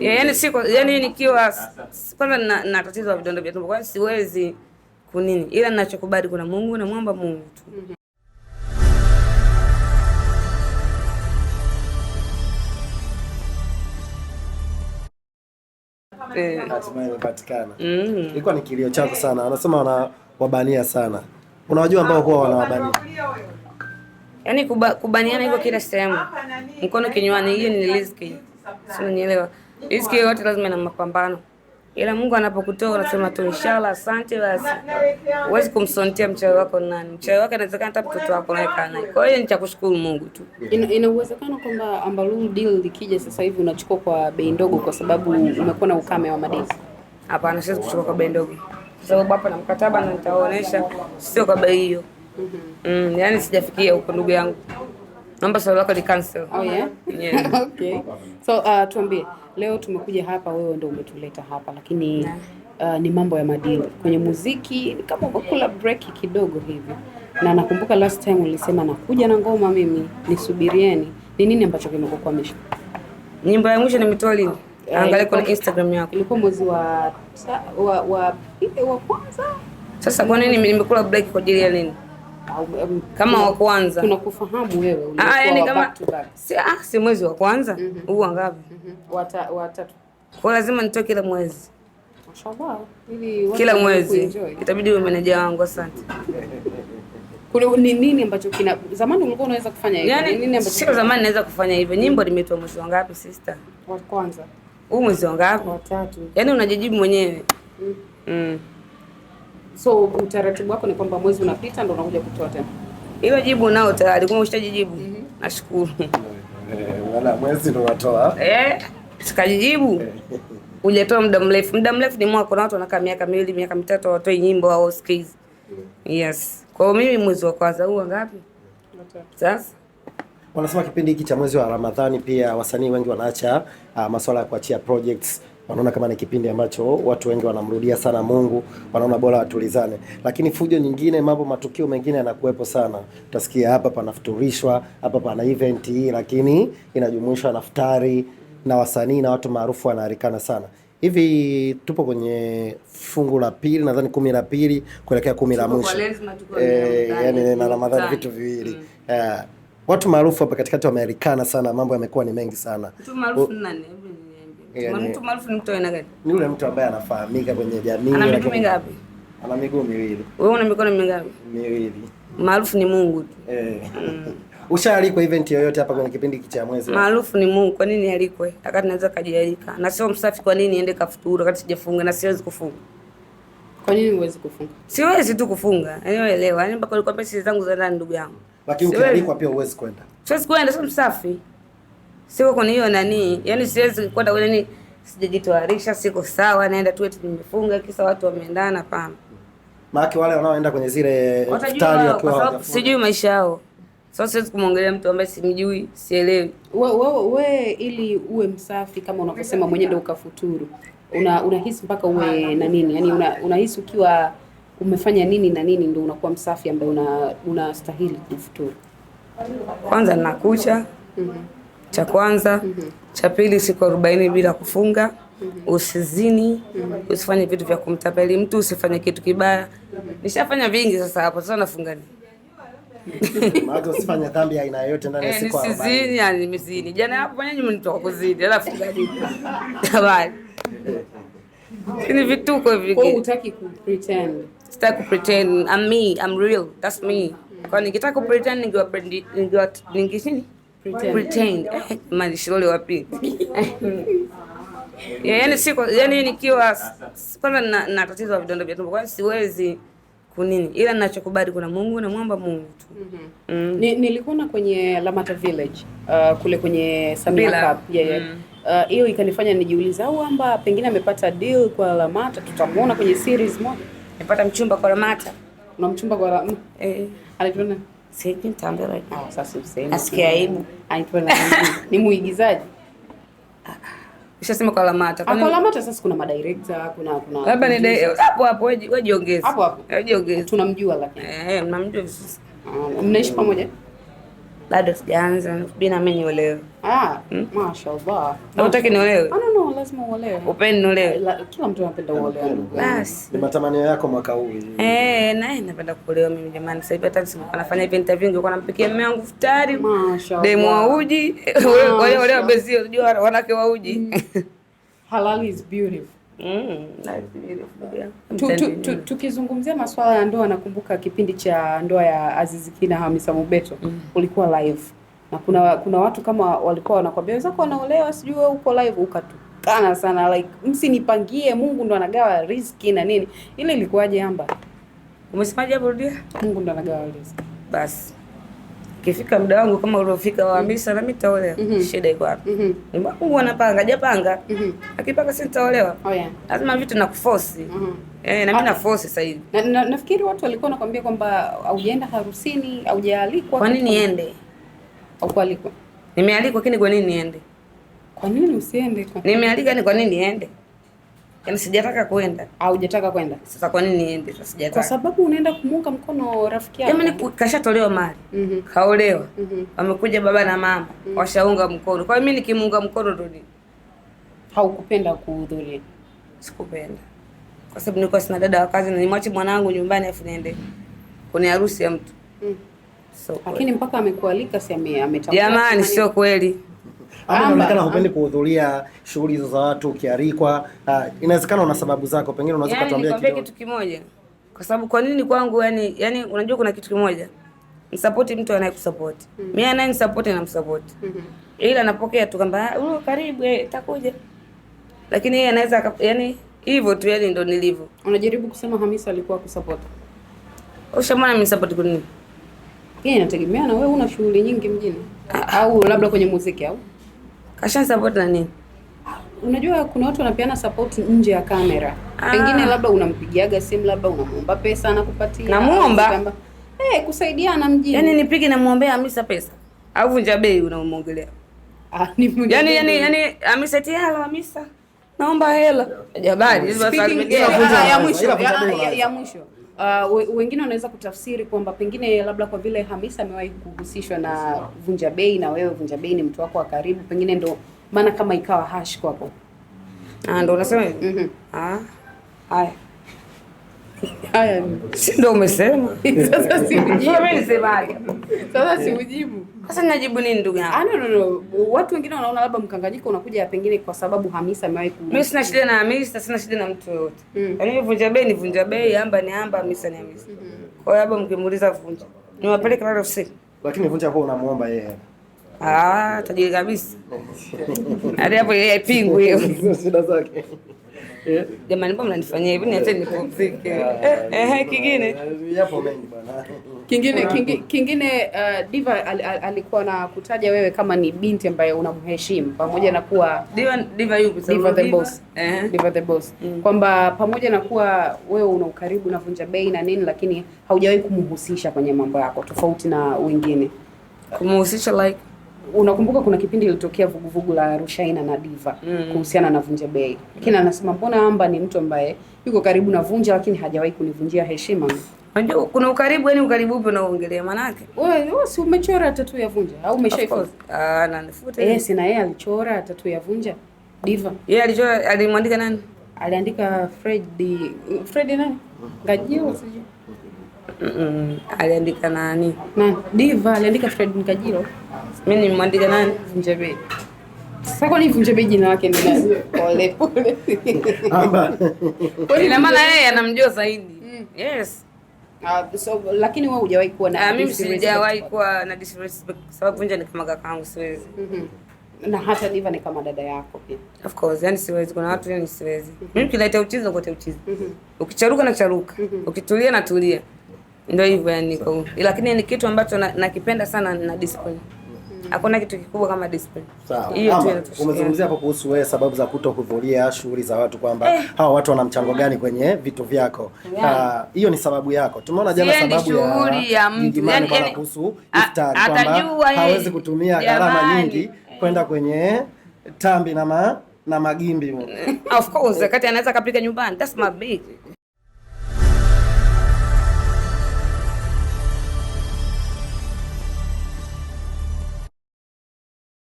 yaani siko yaani nikiwa kwanza na, na tatizo la vidonda vya tumbo, hiyo siwezi kunini, ila ninachokubali kuna Mungu na mwomba Mungu tu eh. mm. Ilikuwa ni kilio chako sana, wanasema wanawabania sana, unawajua ambao huwa wanawabania yaani kubaniana hivyo kila sehemu, mkono kinywani, hiyo ni riziki, sio? Nielewa riziki yote lazima ina mapambano, ila Mungu anapokutoa unasema tu inshallah, asante. Basi huwezi kumsontia mchawi wako nani, mchawi wako inawezekana hata mtoto wako naye kana. Kwa hiyo ni cha kushukuru Mungu tu. Ina, ina uwezekano kwamba Ambalum deal likija sasa hivi unachukua kwa bei ndogo, kwa sababu umekuwa na ukame wa madeni? Hapana, siwezi kuchukua kwa bei ndogo, kwa sababu hapa na mkataba na nitawaonesha, sio kwa bei hiyo. Mhm. mm -hmm. Mm, yani sijafikia huko ndugu yangu. Naomba swali lako cancel. Oh yeah? Yeah. Okay. So uh, tuambie leo tumekuja hapa, wewe ndio umetuleta hapa lakini uh, ni mambo ya madili kwenye muziki, kama ukakula break kidogo hivi, na nakumbuka last time ulisema nakuja na ngoma mimi, nisubirieni. Ni nini ambacho kimekukwamisha? Nyimbo ya mwisho nimetoa lini? Eh, Angalia kwenye Instagram yako, ilikuwa mwezi wa wa wa kwanza. Sasa kwa nini nimekula break kwa ajili ya nini? kama wa kwanza tunakufahamu wewe, ah, yani kama si, ah, si mwezi wa kwanza mhm. huu mm -hmm. Wangapi? mm -hmm. Watatu Kwa lazima nitoe kila mwezi mashallah, ili kila mwezi itabidi wewe meneja wangu. Asante. Ni nini ambacho kina zamani ulikuwa unaweza kufanya hivyo? Yani, nini ambacho sio zamani naweza kufanya hivyo? Nyimbo limetoa mwezi wa ngapi sister? Wa kwanza. Huu mwezi wa ngapi Wa tatu. Yani unajijibu mwenyewe mm. Mm. So utaratibu wako ni kwamba mwezi unapita ndo unakuja kutoa tena? Hilo jibu nao tayari kama jibu. mm -hmm. Nashukuru. Wala mwezi ndo unatoa. Eh, sikajijibu. Hujatoa muda mrefu. Muda mrefu ni mwako na watu wanakaa miaka miwili, miaka mitatu watoi nyimbo au skizi. Mm. Yes. Kwa hiyo mimi mwezi wa kwanza huu ngapi? Sasa wanasema kipindi hiki cha mwezi wa Ramadhani pia wasanii wengi wanaacha uh, masuala ya kuachia projects wanaona kama ni kipindi ambacho watu wengi wanamrudia sana Mungu, wanaona bora watulizane. Lakini fujo nyingine, mambo, matukio mengine yanakuwepo sana. Utasikia hapa panafuturishwa, hapa pana event hii, lakini inajumuisha naftari na wasanii na watu maarufu wanaharikana sana hivi tupo kwenye fungu la pili nadhani kumi la pili kuelekea kumi la mwisho e, yani na Ramadhani vitu viwili mm. Yeah. Watu maarufu hapa katikati wameharikana sana, mambo yamekuwa ni mengi sana. Watu maarufu nani? yani, mtu yaani maarufu ni mtu aina gani? Ni yule mtu ambaye anafahamika kwenye jamii. Ana miguu mingapi? Ana miguu miwili. Wewe una mikono mingapi? Miwili. Maarufu ni Mungu tu. Eh. Mm. Ushaalikwa event yoyote hapa kwenye kipindi cha mwezi? Maarufu ni Mungu, kwa nini alikwe? Akati naweza kajialika. Na sio msafi, kwa nini ende kafuturu wakati sijafunga na siwezi kufunga? Kwa nini huwezi kufunga? Siwezi tu kufunga. Yaani uelewa, yaani mpaka nilikwambia siri zangu za ndani ndugu yangu. Lakini ukialikwa pia huwezi kwenda. Siwezi kwenda, sio msafi siko kwenye hiyo nani, yani siwezi kwenda kwenye ni sijajitayarisha, siko sawa, naenda tu eti nimefunga kisa watu wameendana. Hapana, maana wale wanaoenda kwenye zile hospitali kwa sababu sijui maisha yao. Sasa siwezi kumwongelea mtu ambaye simjui, sielewi. Wewe we, we, ili uwe msafi kama unavyosema mwenyewe, ndio ukafuturu, una unahisi mpaka uwe na nini, yani unahisi una ukiwa umefanya nini na nini ndio unakuwa msafi ambaye unastahili una kufuturu. Kwanza nakucha mm -hmm cha kwanza. mm -hmm. Cha pili, siku arobaini bila kufunga. mm -hmm. Usizini. mm -hmm. Usifanye vitu vya kumtapeli mtu, usifanye kitu kibaya. mm -hmm. Nishafanya vingi sasa, hapo sasa nafunga nini? Maana usifanye dhambi aina yoyote ndani ya eh, siku arobaini. Usizini, yani mizini. Jana hapo kwenye nyumba nitoka kuzini, alafu gani? Habari. Ni vituko hivi. Kwa utaki ku pretend. Sitaki ku pretend. I'm me, I'm real. That's me. Kwa nikitaka ku pretend ningewa ningewa ningeshini pretend eh, malishilole wapi? Eh. Eh, yaani siko yaani nikiwa kwanza na, na tatizo la vidonda vya tumbo, kwa siwezi kunini, ila ninachokubali kuna Mungu na mwamba Mungu tu. mm -hmm. mm. Ni, nilikuona kwenye Lamata Village uh, kule kwenye Samia Cup mm. uh, hiyo uh, ikanifanya nijiuliza au kwamba pengine amepata deal kwa Lamata, tutamuona kwenye series moja. Amepata mchumba kwa Lamata. Una mchumba kwa Lamata? Eh. Anaitwa Sijui nitaambia right now. sasa, useme. Nasikia aibu. Aitwa na Ni muigizaji. Ushasema kwa Lamata. Kwa ah, Lamata sasa kuna madirector, kuna kuna Labda ni hapo hapo wewe jiongeze. Hapo hapo. Wewe jiongeze. Tunamjua lakini. Eh, mnamjua vizuri. Ah, mnaishi pamoja? bado sijaanza, subiri na mimi niolewe. Ah, hmm? mashaallah. Unataka niolewe? Ah, no no, lazima uolewe. Upendi niolewe? Kila mtu anapenda uolewe. Basi. Ni matamanio yako mwaka huu. Eh, naye napenda kuolewa mimi jamani. Sasa hivi hata nisipokuwa nafanya hivi interview ningekuwa nampikia mume wangu futari. Mashaallah. Demu wa uji. Wale wale wabezi unajua wanawake wa uji. Mm. Halal is beautiful. Mm, mm. Tukizungumzia masuala ya ndoa, nakumbuka kipindi cha ndoa ya Azizi Ki na Hamisa Mobeto mm. ulikuwa live na kuna kuna watu kama walikuwa wanakwambia wenzako wanaolewa, sijui wewe uko live, ukatukana sana like msinipangie, Mungu ndo anagawa riziki na nini. Ile ilikuwaje? Amba umesemaje hapo? Rudia. Mungu ndo anagawa riziki, basi kifika muda wangu kama uliofika waambie mm-hmm. sana mimi nitaolewa. Mm -hmm. Shida iko wapi? Mm -hmm. Mungu anapanga, hajapanga. Mm -hmm. Akipanga si nitaolewa. Oh yeah. Lazima vitu na kuforce. Mm -hmm. Eh, na mimi ah. na force sasa hivi. Na, na, nafikiri watu walikuwa nakwambia kwamba haujaenda harusini, haujaalikwa. Kwa nini niende? Au kualikwa? Nimealikwa lakini kwa nini niende? Kwa nini usiende? Nimealika ni kwa nini niende? yani sijataka kwenda. Au hujataka kwenda? Sasa kwa nini niende? Sasa sijataka. Kwa sababu unaenda kumuunga mkono rafiki yako. Jamani kashatolewa mali. Mm -hmm. Kaolewa. Mm -hmm. Wamekuja baba na mama. Mm -hmm. Washaunga mkono. Kwa hiyo mimi nikimuunga mkono ndo ni haukupenda kuhudhuria. Sikupenda. Kwa sababu nilikuwa sina dada wa kazi na nimwache mwanangu nyumbani afu niende kwenye harusi ya mtu. Mm. So, lakini mpaka amekualika si ametambua. Jamani sio kweli ama unaonekana hupendi kuhudhuria shughuli hizo za watu ukialikwa. Uh, inawezekana una sababu zako, pengine unaweza yaani kutuambia kidogo. Kitu kimoja, kwa sababu kwa nini kwangu, yani yani, unajua kuna kitu kimoja, msapoti mtu anayekusupport. Mm-hmm. Mimi mm -hmm. na msupport mm -hmm. ila napokea tu kwamba ah, huyo karibu eh, takuja, lakini yeye anaweza yani hivyo tu, yani ndo nilivyo. Unajaribu kusema Hamisa alikuwa kusupport Ushamwona mimi support kwa nini? Yeye inategemea na wewe una shughuli nyingi mjini ah. au labda kwenye muziki au Kashan support na nini? Unajua kuna watu wanapeana support nje ya kamera. Pengine ah. labda unampigiaga simu labda unamuomba pesa anakupatia. Namuomba. Eh, kusaidiana mjini. Yaani nipige namwombea Hamisa pesa. Au vunja bei unamwongelea. Ah, ni mjini. Yaani yaani yaani Hamisa tia ah, hela Hamisa. Naomba hela. Jabari, hizo sasa ya mwisho ya mwisho. Uh, wengine wanaweza kutafsiri kwamba pengine labda kwa vile Hamisa amewahi kuhusishwa na Vunja Bei na wewe Vunja Bei ni mtu wako wa karibu, pengine ndo maana kama ikawa hash kwako. Ah, ndo unasema. Mhm. Ah. Haya. Haya, si ndio umesema? Sasa si sasa si Sasa najibu nini ndugu yangu? Ah, no, no, Watu wengine wanaona labda mkanganyiko unakuja pengine kwa sababu Hamisa amewahi ku. Mimi sina shida na Hamisa, sina shida na mtu yoyote. Mm. Yaani mm. vunja bei ni vunja bei, amba ni amba, Hamisa ni Hamisa. Mm Kwa hiyo labda mkimuuliza vunja. Niwapeleke pale ofisini. Lakini vunja kwa unamuomba yeye. Ah, tajiri kabisa. Hadi hapo yeye aipingwi hiyo. Sio zake. Jamani, mbona mnanifanyia hivi? Niache nipumzike. Ah, eh, eh, eh, kingine yapo mengi bwana. kingine kingine, uh, Diva alikuwa na kutaja wewe kama ni binti ambaye unamheshimu pamoja na kuwa Diva Diva yuko Diva the boss, Diva the boss, kwamba pamoja na kuwa wewe una ukaribu na Vunja Bei na nini, lakini haujawahi kumhusisha kwenye mambo yako tofauti na wengine. Kumhusisha like unakumbuka kuna kipindi ilitokea vuguvugu la Rushaina na Diva mm. kuhusiana na Vunja Bei. Lakini mm. anasema mbona Amba ni mtu ambaye yuko karibu na Vunja lakini hajawahi kunivunjia heshima. Unajua kuna ukaribu, yani ukaribu upi unaongelea manake? Wewe wewe si umechora tatu ya Vunja au umeshaifuta? Ah, na nifute Eh, si na yeye alichora tatu ya Vunja. Diva. Yeye yeah, alichora alimwandika nani? Aliandika Fred Fred nani? Ngajio sijui. Mm -mm. Aliandika nani? Nani? Diva aliandika Fred Ngajio. Mimi nimemwandika nani? Vunja Sasa kwa nini Bei jina lake ni nani? Pole pole. Kwa ina maana yeye anamjua zaidi. Mm. Yes. Ah, so, lakini wewe hujawahi kuwa na ah, mimi sijawahi kuwa na disrespect sababu Vunja ni kama kaka yangu siwezi. Mhm. Na hata Diva ni kama dada yako pia. Of course, yani siwezi kuna watu yani siwezi. Mm-hmm. Mimi kileta uchizo kwa uchizo. Mm-hmm. Ukicharuka na charuka, mm-hmm. ukitulia na tulia. Ndio hivyo yani, kwa. lakini ni kitu ambacho nakipenda sana na discipline. Mm. Hakuna kitu kikubwa kama discipline. Sawa. Umezungumzia hapo kuhusu wewe sababu za kuto kuhudhuria shughuli za watu kwamba eh, hawa watu wana mchango gani kwenye vitu vyako? Ah, hiyo ni sababu yako. Tumeona jana sababu ya shughuli ya mtu yani kuhusu iftar kwamba hawezi kutumia gharama nyingi kwenda kwenye tambi na ma, na magimbi. Of course, wakati anaweza kapika nyumbani. That's my big.